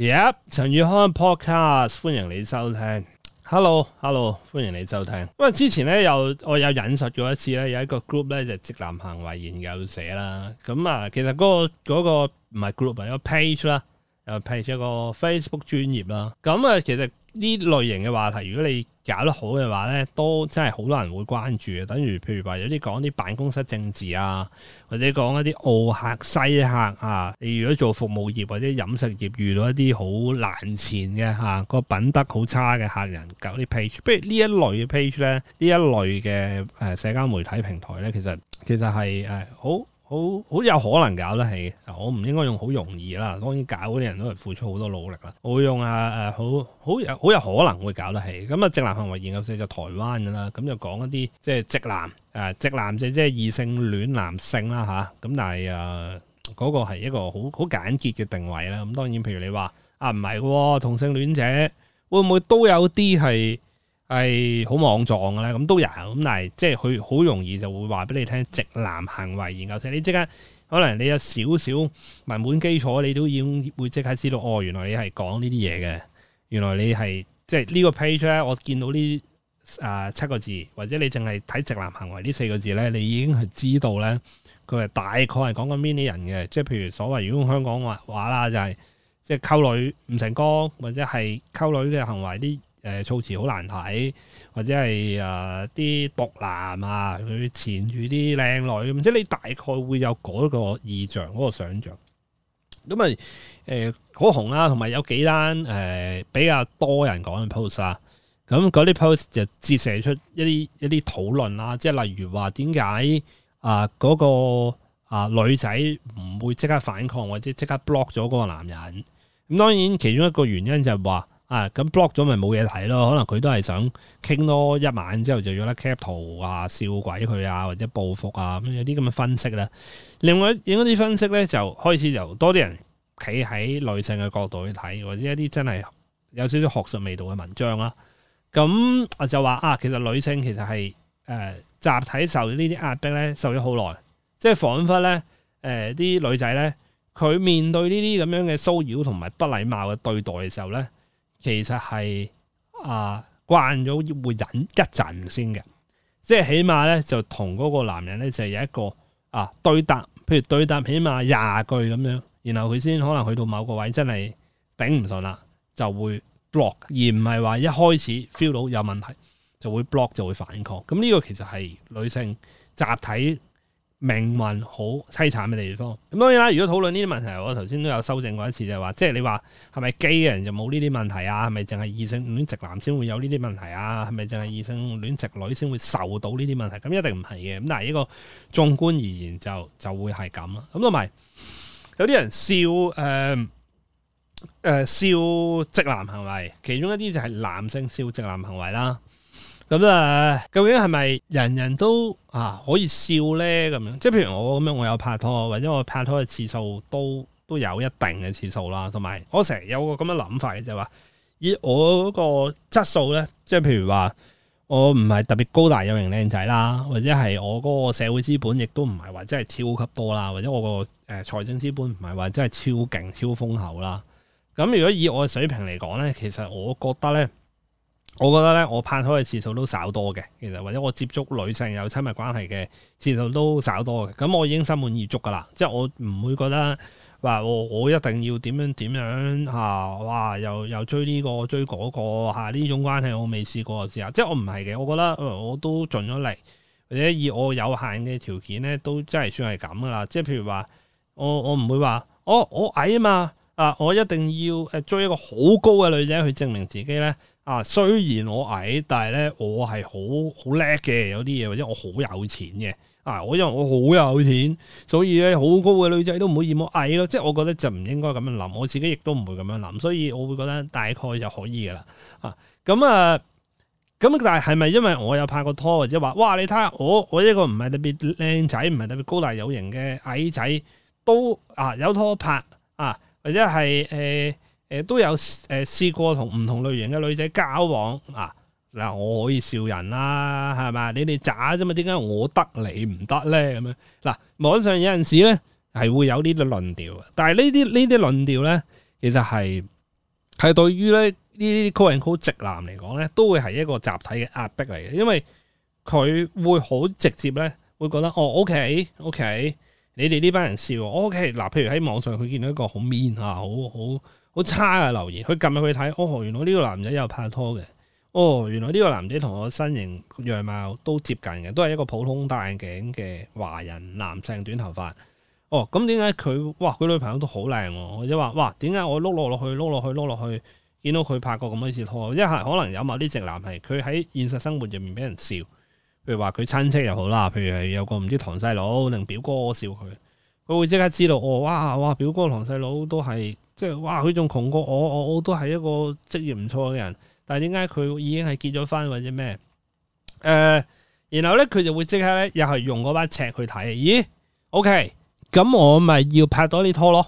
Yep，陳宇康 podcast，歡迎你收聽。Hello，Hello，Hello, 歡迎你收聽。因為之前咧，有我有引述過一次咧，有一個 group 咧就係直男行為研究社啦。咁、嗯、啊，其實嗰、那個、那個唔係 group 啊，係個 page 啦，又 page 一個，個 Facebook 專頁啦。咁、嗯、啊，其實。呢類型嘅話題，如果你搞得好嘅話呢都真係好多人會關注嘅。等於譬如話有啲講啲辦公室政治啊，或者講一啲奧客西客啊。你如果做服務業或者飲食業，遇到一啲好難纏嘅嚇，啊個品德好差嘅客人，搞啲 page。不如呢一類嘅 page 呢，呢一類嘅誒社交媒體平台呢，其實其實係誒、哎、好。好好有可能搞得起，我唔應該用好容易啦，當然搞嗰啲人都係付出好多努力啦，我會用啊誒、啊、好好有好有可能會搞得起，咁啊直男行為研究社就台灣㗎啦，咁就講一啲即係直男誒直、啊、男者即係異性戀男性啦吓，咁、啊、但係啊嗰、嗰個係一個好好簡潔嘅定位啦，咁當然譬如你話啊唔係喎，同性戀者會唔會都有啲係？係好莽撞嘅咧，咁都有咁，但係即係佢好容易就會話俾你聽直男行為研究社，你即刻可能你有少少文本基礎，你都已經會即刻知道哦，原來你係講呢啲嘢嘅，原來你係即係呢個 page 咧，我見到呢啊七個字，或者你淨係睇直男行為呢四個字咧，你已經係知道咧，佢係大概係講緊邊啲人嘅，即係譬如所謂如果香港話話啦，就係、係、即係溝女唔成功，或者係溝女嘅行為啲。誒措辭好難睇，或者係誒啲毒男啊，佢纏住啲靚女咁，即係你大概會有嗰個意象嗰、嗰個想像。咁、呃、啊誒好紅啦，同埋有幾單誒、呃、比較多人講嘅 post 啊。咁嗰啲 post 就折射出一啲一啲討論啦、啊，即係例如話點解啊嗰個啊女仔唔會即刻反抗，或者即刻 block 咗嗰個男人。咁當然其中一個原因就係話。啊，咁 block 咗咪冇嘢睇咯？可能佢都係想傾多一晚之後，就要得 cap 圖啊笑鬼佢啊，或者報復啊，咁有啲咁嘅分析啦、啊。另外影嗰啲分析咧，就開始由多啲人企喺女性嘅角度去睇，或者一啲真係有少少學術味道嘅文章啦、啊。咁我就話啊，其實女性其實係誒、呃、集體受呢啲壓迫咧，受咗好耐，即係彷彿咧誒啲女仔咧，佢面對呢啲咁樣嘅騷擾同埋不禮貌嘅對待嘅時候咧。其實係啊，呃，慣咗會忍一陣先嘅，即係起碼咧就同嗰個男人咧就係有一個啊對答，譬如對答起碼廿句咁樣，然後佢先可能去到某個位真係頂唔順啦，就會 block，而唔係話一開始 feel 到有問題就會 block 就會反抗。咁呢個其實係女性集體命運好淒慘嘅地方。咁當然啦，如果討論呢啲問題，我頭先都有修正過一次，就係、是、話，即係你話係咪基嘅人就冇呢啲問題啊？係咪淨係異性戀直男先會有呢啲問題啊？係咪淨係異性戀直女先會受到呢啲問題？咁、嗯、一定唔係嘅。咁但係呢個縱觀而言就就會係咁咯。咁同埋有啲人笑誒誒、呃、笑直男行為，其中一啲就係男性笑直男行為啦。咁啊、嗯，究竟係咪人人都啊可以笑咧？咁樣即係譬如我咁樣，我有拍拖，或者我拍拖嘅次數都都有一定嘅次數啦。同埋我成日有個咁嘅諗法嘅就係話，以我嗰個質素咧，即係譬如話我唔係特別高大有型靚仔啦，或者係我嗰個社會資本亦都唔係話真係超級多啦，或者我個誒財政資本唔係話真係超勁超豐厚啦。咁如果以我嘅水平嚟講咧，其實我覺得咧。我覺得咧，我拍拖嘅次數都稍多嘅，其實或者我接觸女性有親密關係嘅次數都稍多嘅。咁我已經心滿意足㗎喇，即係我唔會覺得話我我一定要點樣點樣嚇、啊、哇，又又追呢、這個追嗰、那個嚇呢、啊、種關係我未試過試下。即係我唔係嘅，我覺得、呃、我都盡咗力，或者以我有限嘅條件咧，都真係算係咁㗎喇。即係譬如話，我我唔會話，我、哦、我矮啊嘛。啊！我一定要誒追一個好高嘅女仔去證明自己咧。啊，雖然我矮，但係咧我係好好叻嘅，有啲嘢或者我好有錢嘅。啊，我因為我好有錢，所以咧好高嘅女仔都唔會嫌我矮咯。即係我覺得就唔應該咁樣諗，我自己亦都唔會咁樣諗，所以我會覺得大概就可以噶啦。啊，咁啊，咁啊但係係咪因為我有拍過拖或者話哇，你睇下我，我一個唔係特別靚仔，唔係特別高大有型嘅矮仔，都啊有拖拍啊。或者係誒誒都有誒試過同唔同類型嘅女仔交往啊。嗱，我可以笑人啦，係嘛？你哋渣啫嘛，點解我得你唔得咧？咁樣嗱，網上有陣時咧係會有呢啲論調嘅，但係呢啲呢啲論調咧其實係係對於咧呢啲 quote unquote 直男嚟講咧都會係一個集體嘅壓迫嚟嘅，因為佢會好直接咧會覺得哦 O K O K。Okay, okay, 你哋呢班人笑，OK，嗱，譬如喺網上佢見到一個好面，啊，好好好差嘅留言，佢撳入去睇，哦，原來呢個男仔有拍拖嘅，哦，原來呢個男仔同我身形樣貌都接近嘅，都係一個普通戴眼鏡嘅華人男性短頭髮，哦，咁點解佢，哇，佢女朋友都好靚，啊，或者話，哇，點解我碌落落去碌落去碌落去，去，見到佢拍過咁多次拖，一係可能有某啲直男係佢喺現實生活入面俾人笑。譬如話佢親戚又好啦，譬如係有個唔知堂細佬定表哥笑佢，佢會即刻知道哦，哇，哇，表哥堂細佬都係即係，哇佢仲窮過我，我我都係一個職業唔錯嘅人，但係點解佢已經係結咗婚或者咩？誒、呃，然後咧，佢就會即刻咧又係用嗰把尺去睇，咦？O K，咁我咪要拍多啲拖咯，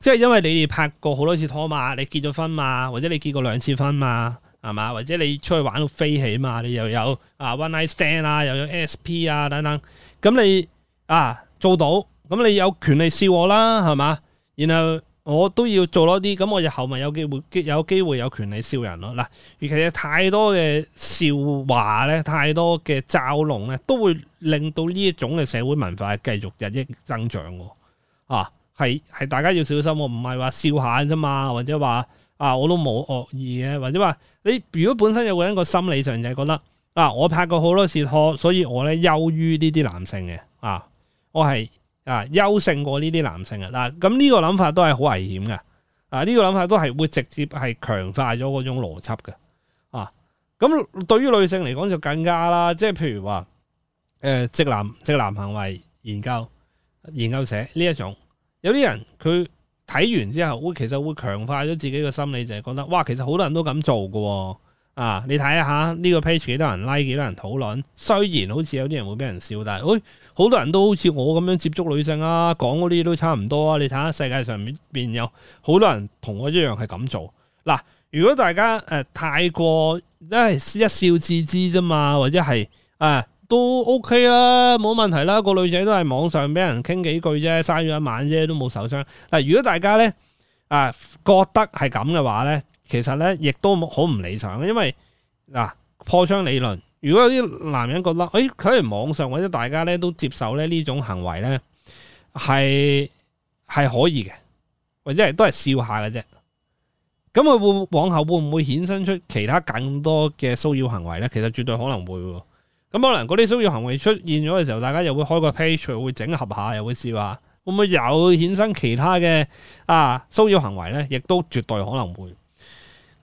即係因為你哋拍過好多次拖嘛，你結咗婚嘛，或者你結過兩次婚嘛。係嘛？或者你出去玩到飛起嘛？你又有啊 One Night Stand 啊，又有 SP 啊等等。咁你啊做到，咁你有權利笑我啦，係嘛？然後我都要做多啲，咁我以後咪有機會，有機會有權利笑人咯。嗱、啊，如其實太多嘅笑話咧，太多嘅嘲弄咧，都會令到呢一種嘅社會文化繼續日益增長喎。啊，係係大家要小心喎，唔係話笑下啫嘛，或者話。啊！我都冇惡意嘅，或者話你如果本身有個人個心理上就係覺得啊，我拍過好多次拖，所以我咧優於呢啲男性嘅啊，我係啊優勝過呢啲男性嘅嗱。咁、啊、呢個諗法都係好危險嘅啊！呢、呢個諗法都係會直接係強化咗嗰種邏輯嘅啊。咁對於女性嚟講就更加啦，即係譬如話誒，直、呃、男直男行為研究研究社呢一種，有啲人佢。睇完之後，會其實會強化咗自己嘅心理，就係覺得，哇，其實好多人都咁做嘅喎，啊，你睇下呢個 page 幾多人 like，幾多人討論。雖然好似有啲人會俾人笑，但係，誒，好多人都好似我咁樣接觸女性啊，講嗰啲都差唔多啊。你睇下世界上面邊有好多人同我一樣係咁做。嗱，如果大家誒太過，即係一笑置之啫嘛，或者係誒。呃都 OK 啦，冇問題啦。個女仔都係網上俾人傾幾句啫，嘥咗一晚啫，都冇受傷。但如果大家呢啊覺得係咁嘅話呢，其實呢亦都好唔理想。因為嗱、啊、破窗理論，如果有啲男人覺得，誒佢喺網上或者大家呢都接受呢呢種行為呢，係係可以嘅，或者係都係笑下嘅啫。咁佢會往後會唔會衍生出其他更多嘅騷擾行為呢？其實絕對可能會。咁可能嗰啲騷擾行為出現咗嘅時候，大家又會開個 page 嚟會整合下，又會試下，會唔會有衍生其他嘅啊騷擾行為咧？亦都絕對可能會。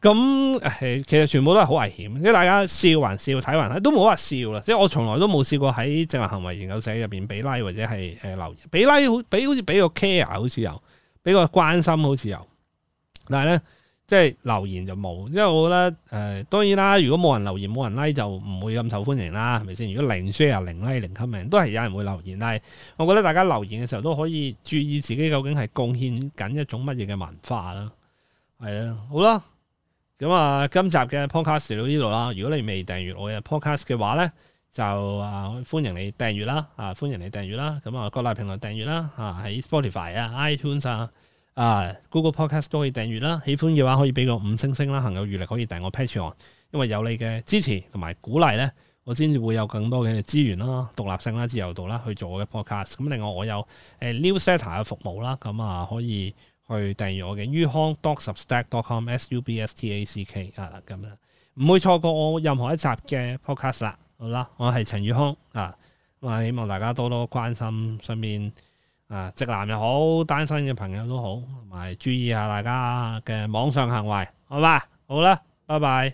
咁誒，其實全部都係好危險。即係大家笑還笑，睇還睇，都冇話笑啦。即係我從來都冇試過喺直男行為研究社入邊俾拉或者係誒留言俾拉、like，好俾好似俾個 care 好似有，俾個關心好似有。但係咧。即係留言就冇，因為我覺得誒、呃、當然啦，如果冇人留言冇人 like 就唔會咁受歡迎啦，係咪先？如果零 share 零 like 零 comment 都係有人會留言，但係我覺得大家留言嘅時候都可以注意自己究竟係貢獻緊一種乜嘢嘅文化啦，係啊，好啦，咁、嗯、啊，今集嘅 podcast 到呢度啦。如果你未訂閱我嘅 podcast 嘅話咧，就啊歡迎你訂閱啦，啊歡迎你訂閱啦，咁啊各大平台訂閱啦，啊喺 Spotify 啊 iTunes 啊。啊，Google Podcast 都可以訂閱啦，喜歡嘅話可以俾個五星星啦，行有餘力可以訂我 Patreon，因為有你嘅支持同埋鼓勵咧，我先會有更多嘅資源啦，獨立性啦，自由度啦，去做我嘅 podcast。咁另外我有誒 Newsletter 嘅服務啦，咁啊可以去訂閱我嘅於康 dot substack.com s u b s t a c k 啊咁啦，唔會錯過我任何一集嘅 podcast 啦。好啦，我係陳宇康啊，咁啊希望大家多多關心身邊。啊，直男又好，單身嘅朋友都好，同埋注意一下大家嘅網上行為，好吧，好啦，拜拜。